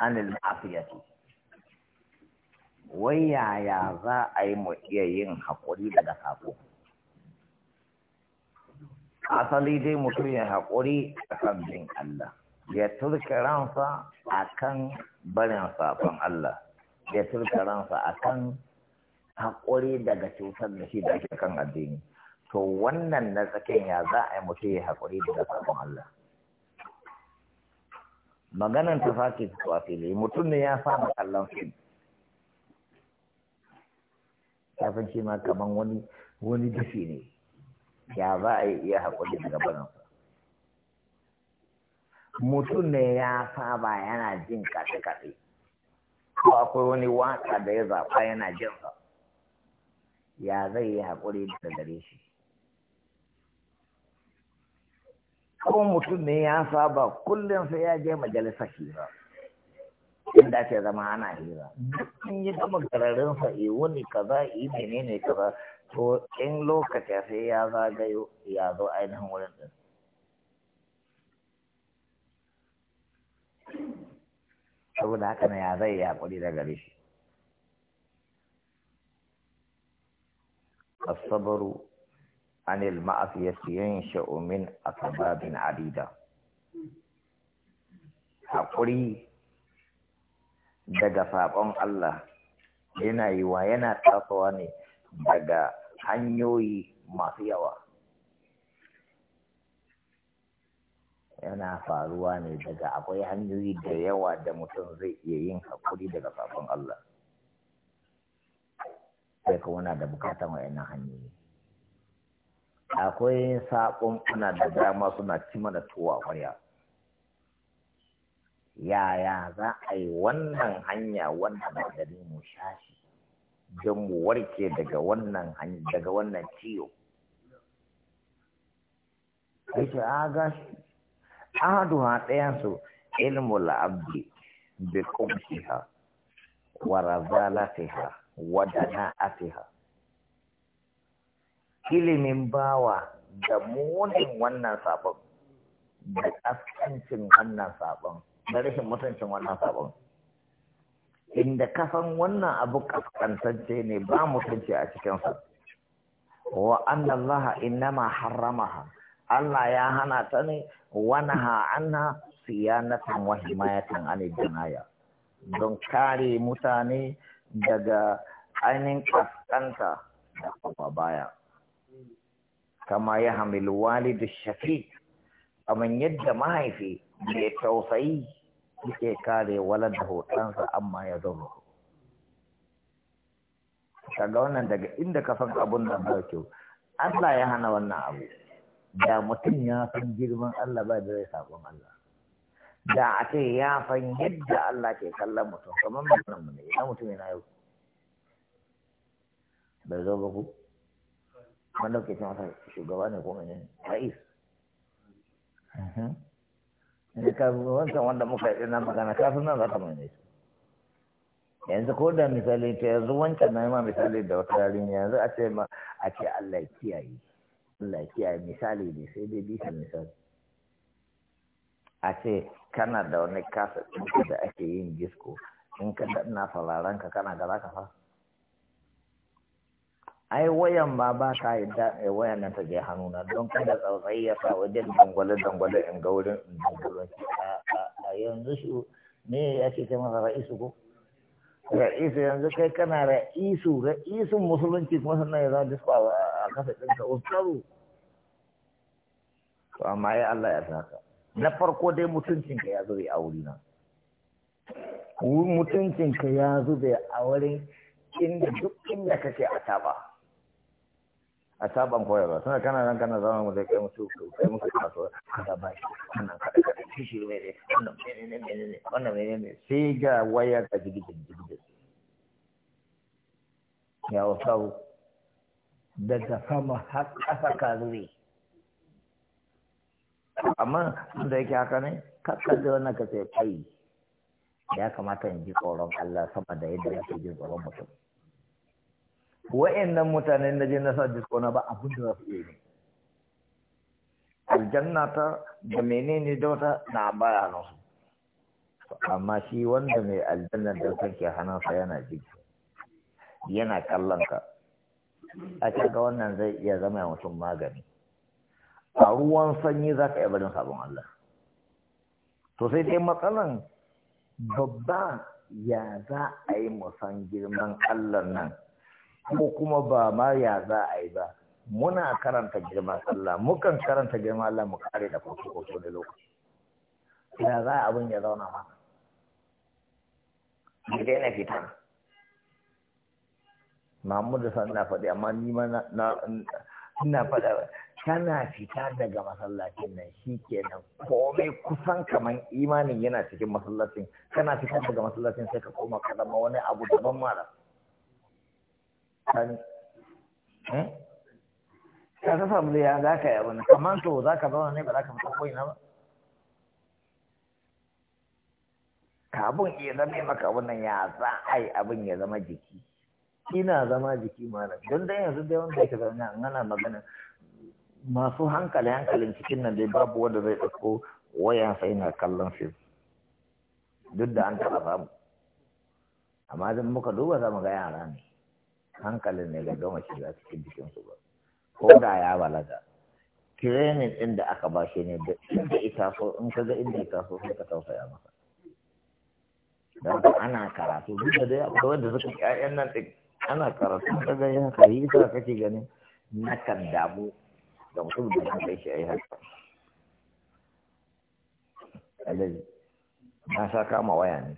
anil afiyati wai yaya za a yi mu iya yin haƙuri daga sako asali dai mutum ya haƙuri a kan bin Allah ya turke ransa a kan barin safon Allah ya turke ransa a kan haƙuri daga cutar da shi da ake kan addini to wannan na tsakiyar ya za a yi mutum ya haƙuri daga saƙon Allah maganan ta sake fitowa fili mutum ne ya fara kallon fim kafin shi ma kaman wani wani dafi ne ya za a iya haƙuri daga barinsa mutum ne ya saba yana jin kase-kase, ko akwai wani waka da ya zaɓa yana jinsa ya zai yi haƙuri da gare shi Kuma mutum ne ya saba kullum sai ya je majalisa hira inda ke zama ana hira dukkan yi gama gararin sa yi eh, wani kaza yi eh, menene kaza to in lokaci sai ya zagayo ya zo ainihin wurin din saboda haka na ya zai kuri da gare shi asabaru عن المعصية sha'umin a sababin عديدة haƙuri daga saɓon Allah yana yiwa yana tasowa ne daga hanyoyi masu yawa yana faruwa ne daga akwai hanyoyi da yawa da mutum zai iya yin haƙuri daga saɓon Allah sai kuma na da bukatan wa'annan hanyoyi akwai saƙon kuna da dama suna ci mana tuwa waya. yaya za a yi wannan hanya wannan gari mu shashi don mu warke daga wannan daga wannan ciwo ce a gashi ahaduha ɗayansu ilmu abdi bi qubsiha wa razalatiha wa dana'atiha ilimin bawa da munin wannan sabon da kaskancin wannan sabon da rashin mutuncin wannan sabon inda kasan wannan abu kaskantacce ne ba mutunci a cikinsa wa in innama haramaha. Allah ya hana ta ne wanaha anna siyanatan wa himayatan don kare mutane daga ainihin kaskanta da kuma baya kama ya hamilu walidu shafiq kamar yadda mahaifi mai tausayi yake kare walar da hotonsa amma ya zama kaga wannan daga inda ka san abun nan ba kyau Allah ya hana wannan abu da mutum ya san girman Allah ba da zai sabon Allah da a ce ya san yadda Allah ke kallon mutum kamar mutum ne ya mutum yana yau bai zo ba ku wanda dauke cewa shugaba ne ko menene, ra'is ne ka wancan wanda muka yi na magana kafin nan za ka mene su yanzu ko da misali ta yanzu wancan na ma misali da wata yarinya yanzu a ce ma a ce Allah kiyaye Allah kiyaye misali ne sai dai bisa misali a ce kana da wani kasa da ake yin disco in ka na fararen ka kana ga za ka fasa ai wayan ma ba ka yadda ai wayan nan ta je na, don kada tsautsayi ya sa wajen dangwale dangwale in ga wurin in dangwale a yanzu su me ya ce kai masa ra'isu ko ra'isu yanzu kai kana ra'isu ra'isun musulunci kuma sannan ya zama disko a kasa ɗinka ustaru to amma ya Allah ya saka na farko dai mutuncinka ya zube a wuri na. mutuncin mutuncinka ya zube a wurin inda duk inda kake a taba a saban koyarwa suna kana nan kana zama mu zai kai musu kai musu kasuwa kada ba shi kana kada kada shi shi ne ne wannan menene ne wannan ne sai ga waya ga jigijin jigijin ya wasau daga sama har ƙasa ka zube amma da yake haka ne kakka da wannan ka sai kai ya kamata in ji tsoron Allah sama da yadda yake jin tsoron mutum wa'annan mutanen da je na sa na ba abin da za su iya yi aljanna ta da menene da wata na baya na su amma shi wanda mai aljanna da kake hannunsa yana jiki yana kallon ka a ga wannan zai iya zama mutum magani a ruwan sanyi za ka iya sabon Allah to sai dai matsalan babba ya za a yi musan girman Allah nan ko kuma ba ma ya za a yi ba muna karanta girma sallah mukan karanta girma Allah mu kare da kwato kwato da lokaci ya za abin ya zauna ma mu daina fita Mahmud da san na faɗi amma ni ma na ina faɗa kana fita daga masallacin nan shi nan. komai kusan kaman imanin yana cikin masallacin kana fita daga masallacin sai ka koma ka zama wani abu daban mara sani eh? ka ta samu ya za ka yi abin kamar to za ka zauna ne ba za ka mutu koyi na ba ka abin iya zama maka wannan ya za a yi abin ya zama jiki ina zama jiki malam don dai yanzu dai wanda yake zama an ana magana masu hankali hankalin cikin nan dai babu wanda zai ɗauko waya sai na kallon fim duk da an taɓa samu amma idan muka duba za mu ga yara ne hankalin ne ga gama shiga cikin jikinsu ba ko da ya balaga training ɗin da aka ba shi ne da inda ita so in ka ga inda ita so sai ka tausaya masa don ana karatu duk da dai akwai wanda suka ƴaƴan nan ɗin ana karatu ka ga yin haka yi kake ganin na kan damu da mutum da ya kai shi a yi haka alaji na sa kama waya ne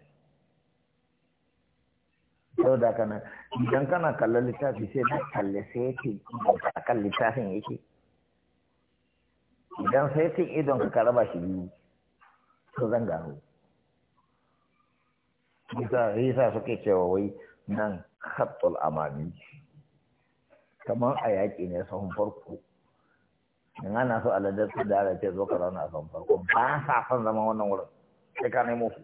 sau da kana idan kana kallon littafi sai na kalle setin idon ka kan littafin yake idan setin idon ka ka raba shi biyu to zan gano yasa suke cewa wai nan khattul amami kamar a yaƙi ne sahun farko in ana so aladar su da ala ce zo ka zauna a sahun farko ba sa son zama wannan wurin sai ka nemo su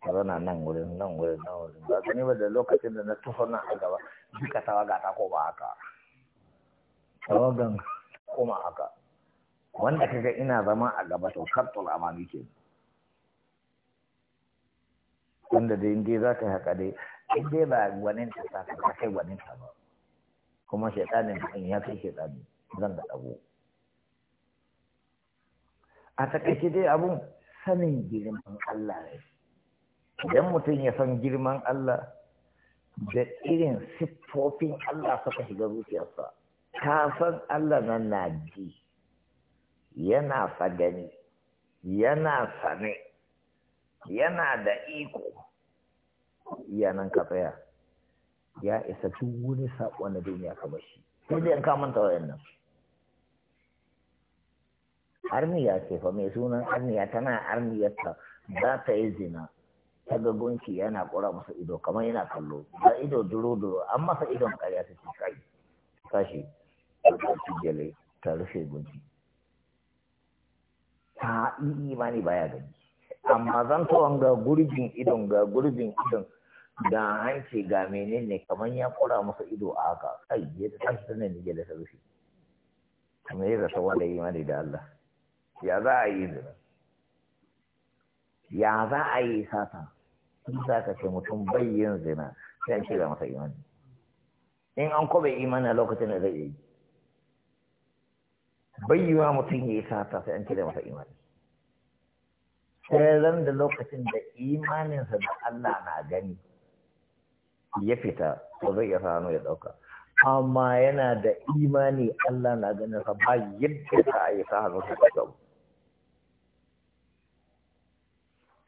ka nan wurin nan wurin nan wurin ba ka nima da lokacin da na tufa nan a gaba duka tawaga ta koma haka tawagan koma haka wanda kaga ina zama a gaba to kartul amami ke wanda dai in za ka yi haka dai in dai ba gwanin ta sa ka kai gwanin ta ba kuma shaitanin in ya kai shaitani zan da abu a takaice dai abun sanin girman Allah ne idan mutum ya san girman Allah da irin siffofin Allah suka shiga zuciyarsa ka san Allah nan na ji yana sagani yana sane yana da iko iyanan ka ya isa tun wani saƙo na duniya ka bashi sai dai ka manta nan armiya ce fa mai sunan armiya tana armiyarta za ta yi zina Daga gunki yana kura masa ido kamar yana kallo da ido duro duro an masa idon ƙarya ta ce kai tashi ta ɗauki gele ta rufe gunki ta yi imani baya gani amma zan tuwon ga gurbin idon ga gurbin idon da hanci ga menene kamar ya kura masa ido a haka kai ya ta tashi ta nan gele ta rufe kamar yadda ta wanda imani da Allah ya za a yi zina ya za a yi sata In sa ka ce mutum bai yin zina sai an shirya masa imani in an kobe imani a lokacin da zai yi bayyuwa mutum ya yi sata sai an shirya masa imani sai zan da lokacin da imaninsa da Allah na gani ya fita ko zai iya sa ya dauka amma yana da imani Allah na ganin sa ba yadda a yi sa hannu ta gaba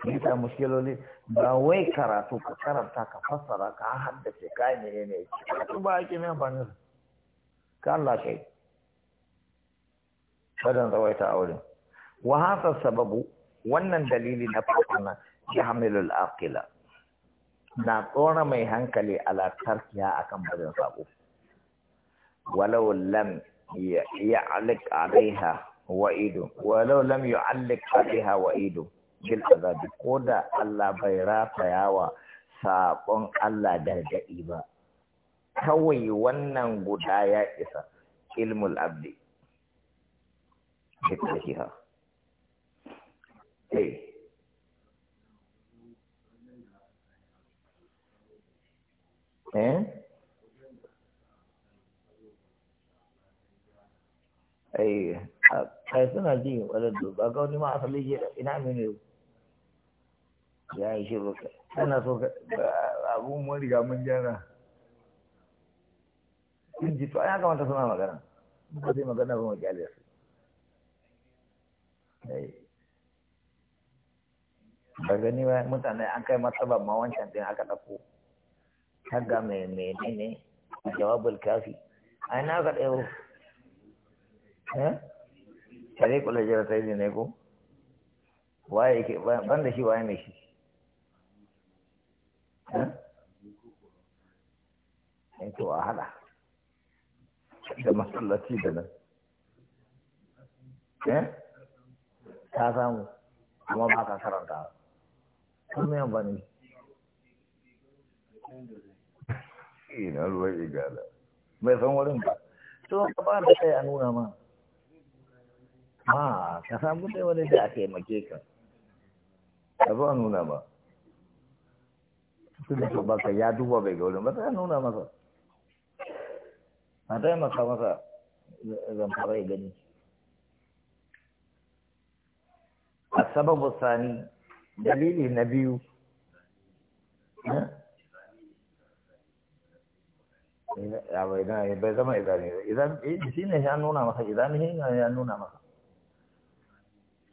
bisa mushkiloli ba wai karatu ka karanta ka fassara ka haddace kai ne ne karatu ba ake mai amfani da ka Allah kai badan tsawaita aure wa hasa sababu wannan dalili na farko na yahmilul aqila na tsora mai hankali ala tarkiya akan barin sabo walau lam ya'allik alaiha wa'idu walau lam yu'allik alaiha wa'idu bil azabi ko da Allah bai rafa yawa saƙon Allah gargaɗi ba kawai wannan guda ya isa ilmul abdi fitrahiha eh eh, eh ai suna ji wadda ba ga wani ma asali ina mini ya yi shiru ana so abun mun riga mun gyara in ji to ya kamata suna magana ba zai magana ba mu kyale su ba gani ba mutane an kai martaba ma wancan din aka ɗauko tagga mai ne jawabul kafi ai na ka ɗaya eh sai kula jira sai ne ko waye ke ban da shi waye mai shi ne eh? eh, to a hada da masallaci da nan eh ta samu kuma ba ka karanta kun mai ne eh, ina ruwan igala mai san wurin ba to ka ba da kai a nuna ma ma ka samu dai wani da a taimake ka ka a nuna ma sun da baka ya duba bai ga wurin ba ta nuna masa a taimaka masa zamfara ya gani a sababu sani dalili na biyu bai zama izani ba shi ne ya nuna masa izami shi ne ya nuna masa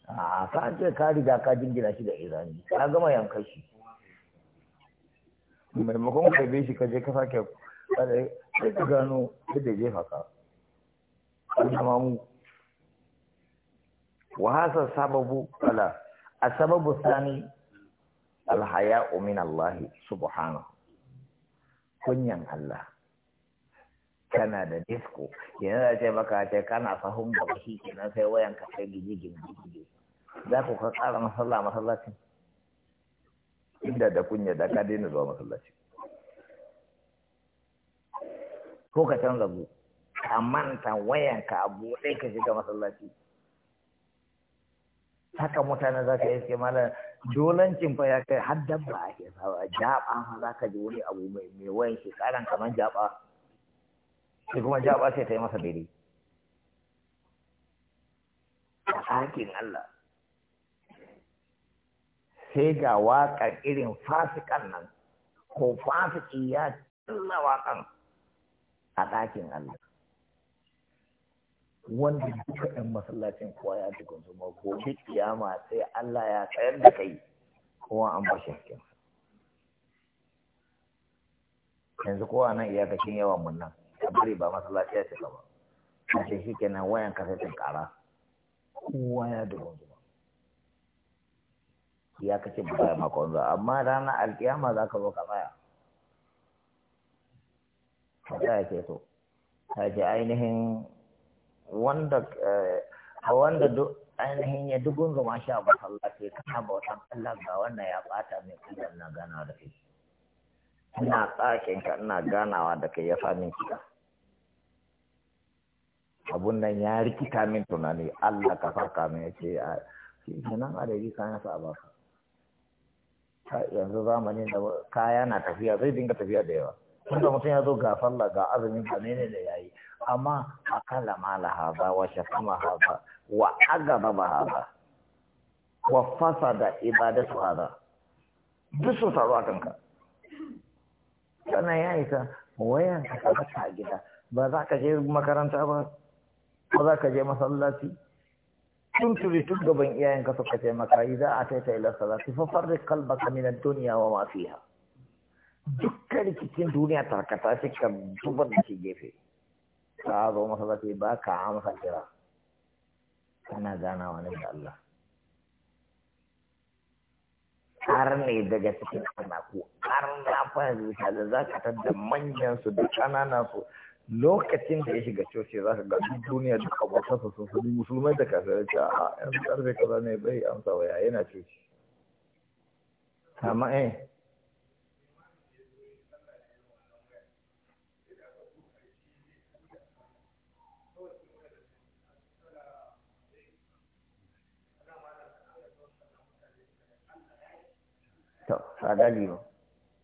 a ka ce ka riga ka jingina shi da izani ka gama yankashi maimakon ka bai shi ka je ka sake sai ka gano yadda je haka kuma mu wa hasa sababu kala a sababu sani alhaya umin allahi subhanahu kunyan Allah kana da disco yanzu da ce baka ce kana sahun baka shi kenan sai wayan ka sai gigi gigi za ku ka tsara masallacin inda da kunya da ka daina zuwa masallaci ko ka canza bu ka manta wayanka a buɗe ka shiga masallaci haka mutane za ka yi suke mala dolancin fa ya kai har dabba ake sawa jaba ma za ka ji wani abu mai wayan karan kamar jaba sai kuma jaba sai ta yi masa daidai a tsakin Allah sai ga waƙar irin fasikan nan ko fasiki ya tunna waƙan a ɗakin Allah wanda duka ɗan masallacin kowa ya tukun su gobe kiyama sai Allah ya tsayar da kai kowa an ba shakkin yanzu kowa nan kashin yawan mun nan bari ba masallaci ya cika ba a ce shi kenan wayan kasashen kara kowa ya dogon zuwa ya kace ba ya maka wanzu amma ranar alkiyama za ka zo ka tsaya ka tsaya ke so ta ce ainihin wanda eh, wanda ainihin ya dugun zama sha masallaci kana bautan Allah ga wannan ya bata mai kullum na gana da kai ina tsakin ka ina ganawa da kai ya min kika abun nan ya rikita min tunani Allah ka farka min ya ce a shi sa yanzu zamanin da kaya na tafiya zai dinga tafiya da yawa Tun da mutum ya zo ga sallah ga azumin ba ne ne da yayi amma akala mala haza wa shakama haza wa agaba ba haza wa fasada ibadatu haza duk su taru a kanka sannan ya isa wayan ka ka gida ba za ka je makaranta ba ba za ka je masallaci tunturi tun gaban iyayenka suka ce maka yi za a taita ila salati fa farri kalbaka min duniya wa ma fiha dukkan rikicin duniya ta tarkata shi ka zubar da shi gefe ka zo masallaci ba ka amsa kira kana gana wani da Allah har ne daga cikin anaku har na zuwa da za ka manyan su da ƙananan su lokacin da ya shiga coci za ka gasu duniya duk abokansa sun sani musulmai da kafirai ta a yan karfe kaza ne bai amsa waya yana coci amma eh to sadaliyo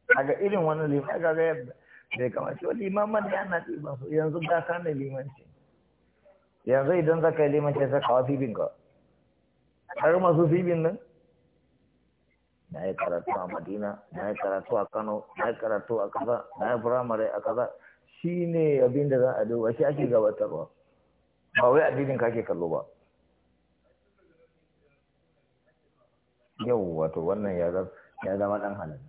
kaga irin wannan limai kaga yadda kama shi wani limaman ya ana ɗiban su yanzu ka ne limanci yanzu idan zaka yi limanci sai kawo fifin ka har masu fifin nan na yi karatu a madina na yi karatu a kano na yi karatu a kaza na yi firamare a kaza shi ne abin da za a duba shi ake gabatarwa ba wai addinin ka ke kallo ba yau wato wannan ya zama dan halin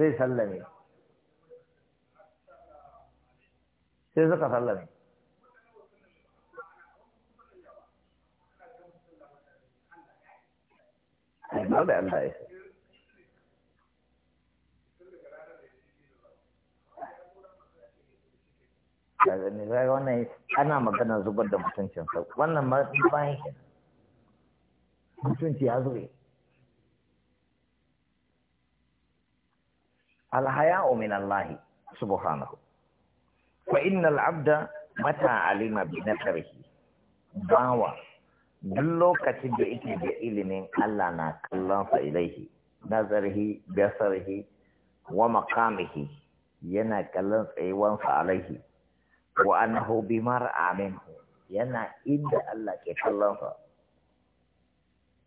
sai sallame sai suka sallame ne ana magana zubar da mutuncinsa wannan ma bayan mutunci ya zube alhaya'u min Allah subhanahu fa innal abda mata alima bi nasrihi bawa duk lokacin da yake da ilimin Allah na kallon sa ilaihi nazarhi basarhi wa maqamihi yana kallon tsayuwan sa alaihi wa annahu bi mar'a minhu yana inda Allah ke kallon sa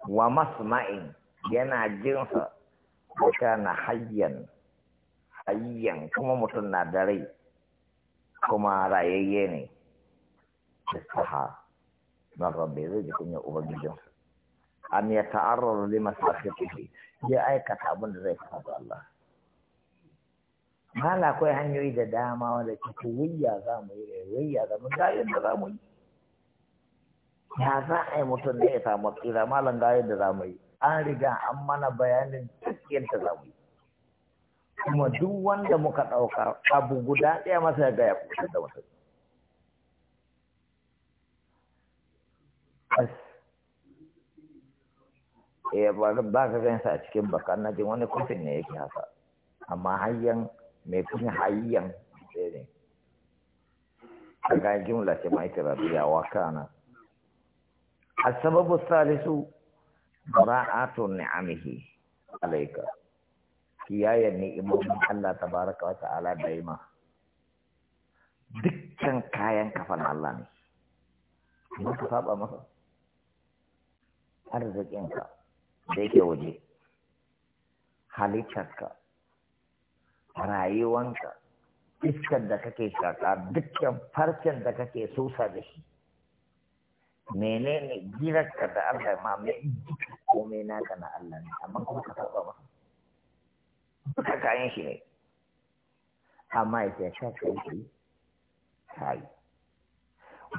wa masma'in yana jin sa kana hayyan ayyan kuma mutum na da rai kuma rayayye ne saha na rabbi zai jikin ya ubangijin an ya ta'arrar lima safiƙi ya aikata abin da zai fata Allah hala akwai hanyoyi da dama wanda ke wayya za mu yi wayya za mu ga yadda za mu yi ya za a yi mutum da ya samu tsira malam ga yadda za mu yi an riga an mana bayanin cikin da za mu yi kuma duk wanda muka ɗauka abu guda ɗaya masa ya gaya kusa da wata eh ba ka gansa a cikin baka na jin wani kufin ne yake haka amma hayyan mai kun hayyan sai ne a ga jumla ce mai tirabiya wa kana السبب الثالث براءة نعمه alaika. kiyaye ni'imomin Allah tabaraka wa ta'ala daima dukkan kayan kafan Allah ne mun ka saba masa arzikinka da yake waje halittarka rayuwanka iskar da kake shaƙa dukkan farcen da kake sosa da shi menene girarka da Allah ma mai komai naka na Allah ne amma kuma ka saba masa duka kayan shi ne amma ya ce ka kai kai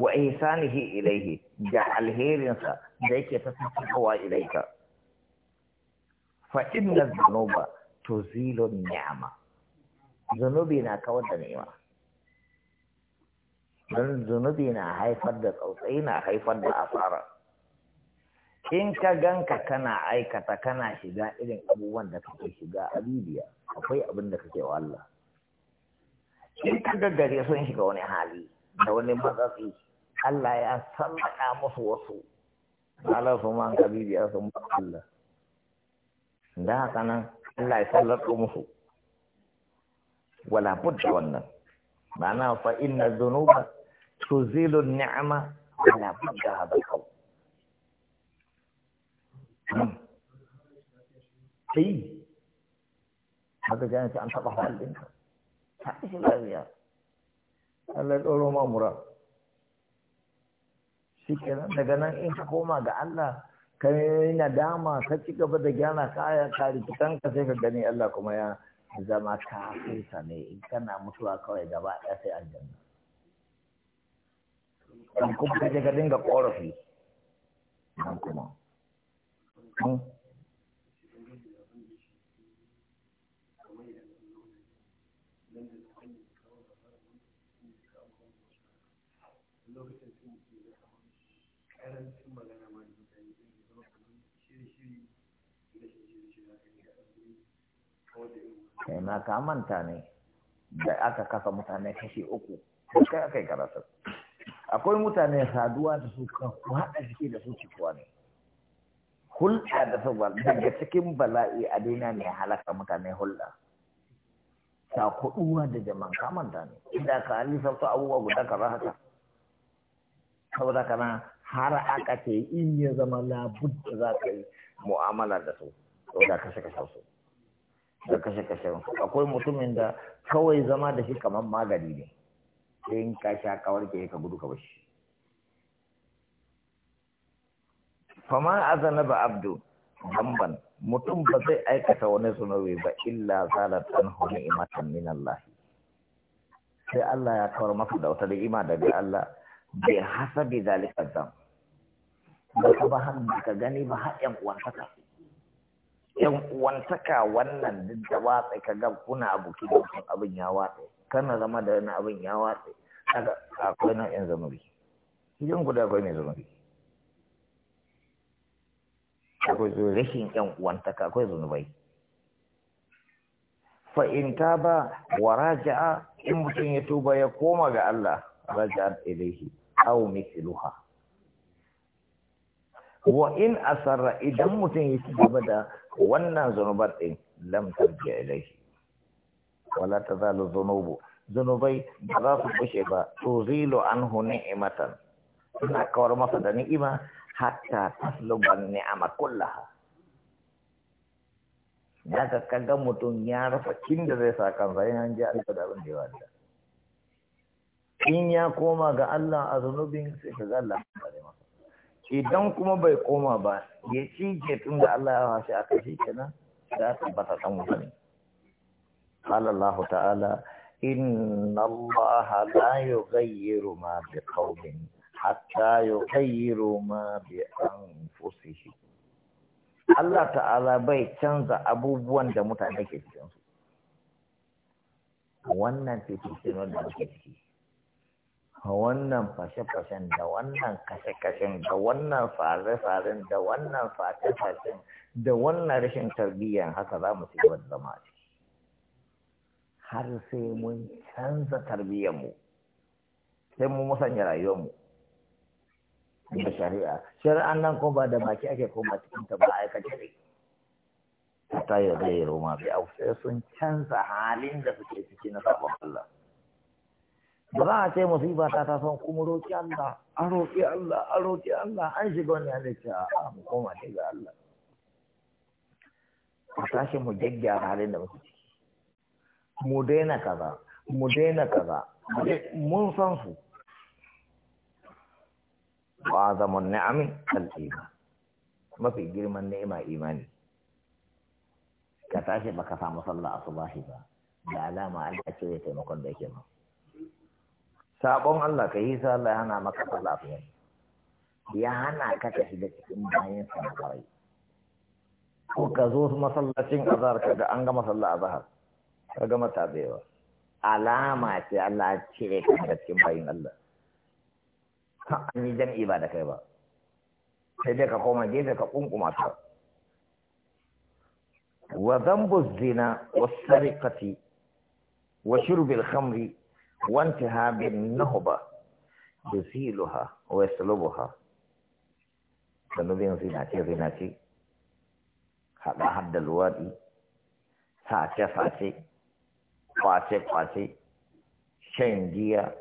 wa ihsanihi ilaihi da alherinsa da yake ta tsakawa ilaika fa inna dhunuba tuzilu ni'ama zunubi na kawar da ni'ima don zunubi na haifar da tsautsayi na haifar da asara in ka ganka kana aikata kana shiga irin abubuwan da kake shiga a bibiya akwai abin da kake wa Allah in ka gaggare sun shiga wani hali da wani matsatsi Allah ya sallaka musu wasu Allah su ma ka bibiya sun ba Allah da haka nan Allah ya sallaka musu wala budda wannan ma'ana fa inna dhunuba tuzilu ni'ama wala budda hada kawai Hmm. kai haka gane ta an taɓa halin ta ishi lafiya Allah ɗoro ma mura shi kenan daga nan in ka koma ga Allah ka yi nadama ka ci gaba da gyara kayan ka rikitan ka sai ka gani Allah kuma ya zama ka fusa ne in kana mutuwa kawai gaba ɗaya sai aljanna in kuma ka je ka dinga ƙorafi nan kuma kai ma ka manta ne da aka kasa mutane kashi uku kai aka yi karatu akwai mutane saduwa da su kan haɗa jiki da su cikuwa ne hulɗa da sabar daga cikin bala'i a duniya ne halaka mutane hulɗa ta kuɗuwa da jaman da ne inda ka an lissafta abubuwa guda ka za haka saboda kana har aka ce in ya zama labud da za ka yi mu'amala da su saboda kashe kashe su da kashe kashe su akwai mutumin da kawai zama da shi kamar magani ne sai in ka sha kawar ke ka gudu ka bashi fama azana ba abdu jamban mutum ba zai aikata wani zunubi ba illa zalat an hunu imatan min Allah sai Allah ya kawar masa da wata ni'ima daga Allah bai hasabi zalika zam ba ka ba har ka gani ba har yan uwantaka yan uwantaka wannan duk da watsa ka ga kuna abu kidan abin ya watsa kana zama da wani abin ya watsa kaga akwai yan zamuri idan guda akwai mai zunubi akwai rashin yan uwantaka akwai zunubai fa in ba wa raja'a in mutum ya tuba ya koma ga Allah raja'a ilaihi aw mithluha wa in asarra idan mutum ya tuba da wannan zunubar din lam tarji ilaihi wala tazalu zunubu zunubai ba za su bushe ba tuzilu anhu ni'matan suna kawar masa da ni'ima hatta tasluban ni'ama kullaha ya ga kaga mutum ya rufa kin da zai sa kansa ya an ji alƙa da abin da ya wata. in ya koma ga Allah a zunubin sai ka ga Allah kare masa idan kuma bai koma ba ya ke tun da Allah ya hashi aka shi kenan da bata kan mutane قال الله تعالى إن الله لا يغير ما بقوم hatta yukayyiru ma bi anfusihim Allah ta'ala bai canza abubuwan da mutane ke cikin su wannan fiticinar da muke ciki wannan fashe-fashen da wannan kashe-kashen da wannan fare-faren da wannan face-facen da wannan rashin tarbiyyan haka za mu cigaba da zama har sai mun canza tarbiyyarmu sai mu musanya rayuwarmu da shari'a shari'an nan ko ba da baki ake koma cikin ta ba a aikace ne ta yi da yaro ma bi au sai sun canza halin da suke ciki na sabon Allah ba za a ce musiba ta ta son kuma roƙi Allah a roƙi Allah a roƙi Allah an shiga wani hali ce a mu koma ce ga Allah a tashi mu gyaggyara halin da muke ciki mu daina kaza mu daina kaza mun san su wa azamun ni'ami al-iman mafi girman ni'ima imani ka tashi baka samu sallah asubahi ba da alama Allah ce zai taimakon da yake ma sabon Allah ka yi sallah ya hana maka sallah asubahi ya hana ka ka shiga cikin bayan sanarwai ko ka zo masallacin azhar kaga an gama sallah azhar ka gama tabewa alama ce Allah ya cire ka cikin bayan Allah an yi jam'i ba da kai ba sai dai ka koma gefe ka kunkuma ta wa zambu zina wa sariqati wa shurbil khamri wa intihabin nahba yusiluha wa zina ce zinace zinace haɗa hadda luwaɗi sace sace kwace kwace shan giya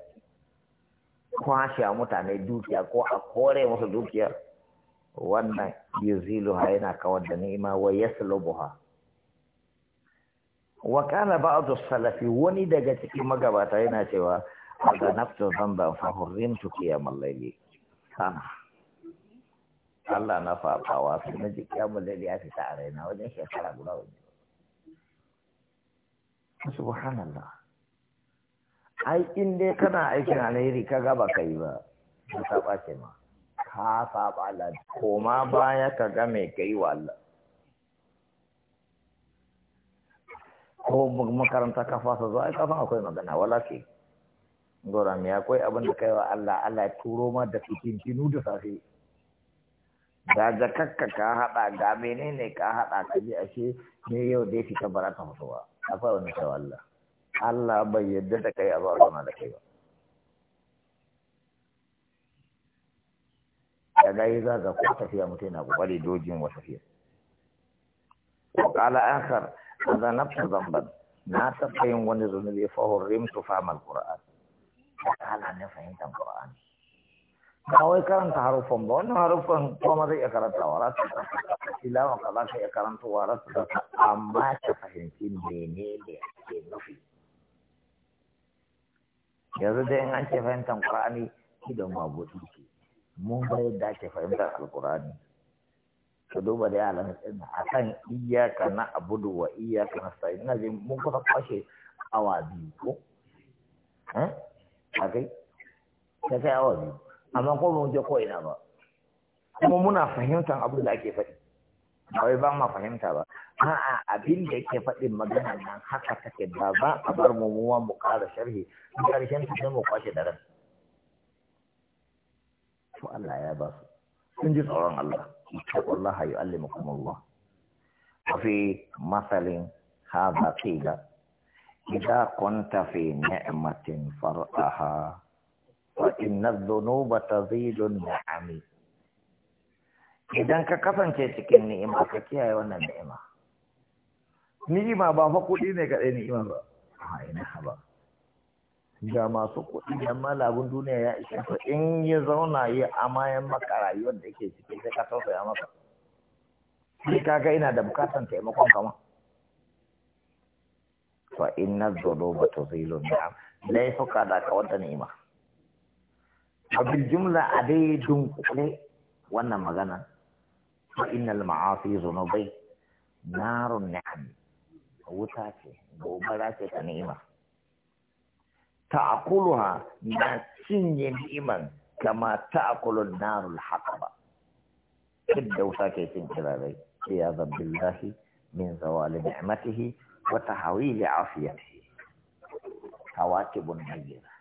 kwashe mutane dukiya ko a kore masa dukiya? wannan ha yana kawar da ni'ima wa yaslubuha wa kana ba'du salafi wani daga cikin magabata yana cewa aga nafsu zamba fa hurrimtu qiyamal layli Allah na fafawa su na ji ya fita a raina wajen shekara guda wajen. Subhanallah. ai in dai kana aikin alheri ka gaba ka yi ba ka saba ce ma ka saba Allah koma baya ka ga mai kai wa Allah ko makaranta ka fasa zuwa ka fa akwai magana wala ce gora me akwai abin da kai wa Allah Allah ya turo ma da cikin tinu da safe da kakka ka hada ga menene ka hada ka ji ashe ne yau dai fita bara ta mutuwa akwai wani cewa Allah Allah bai yadda da kai a zauna da kai ba daga yi za ka ko tafiya mutum na kokari dojin wa tafiya وقال آخر أنا نفس ذنبا na taɓa yin wani zunubi fa hurrim tu Kur'an. qur'an kala ne fahimtar qur'an ba wai karanta harufan ba wannan harufan kuma zai iya karanta wa rasu tilawa ka za ka iya karanta wa rasu amma ka fahimci menene ke nufi yanzu dai an ce fahimtar qur'ani idan mabuɗi ce mun ga yadda ake fahimtar alqur'ani ka duba da yaran A kan iyaka na abudu wa iyaka na sa'i na jin mun kusa kwashe awa biyu ko eh akai ta kai awa biyu amma ko mun je ko ina ba kuma muna fahimtar abin da ake faɗi ba wai ba ma fahimta ba a'a abin da yake faɗin magana nan haka take da ba a bar mu muwa mu ƙara sharhi in ƙarshen ta sai mu kwashe daren to Allah ya ba su sun ji tsoron Allah Allah ya kuma Allah fi masalin وفي مثل هذا قيل fi ni'matin في wa inna dhunuba tazidu تزيد idan ka kasance cikin ni'ima ka kiyaye wannan ni'ima ni'ima ba fa kuɗi ne kaɗai ni'ima ba a ina ba ga masu kuɗi da malabun duniya ya ishe su in ya zauna ya amayan maka rayuwar da ke ciki sai ka tausaya maka sai ga ina da bukatan taimakon kama fa inna dhunuba tuzilu ni'am laifuka da ka wata ni'ima a bil jumla a dai dunkule wannan magana fa innal ma'asi zunubai narun ni'am wuta ce gobe ce ta ni'ima ta'akuluha na cinye ni'iman kama akulun narul ba. da wuta ke cin kirarai sai ya zabbillahi min zawali ni'matihi wa hawa afiyatihi hawatibun hayyina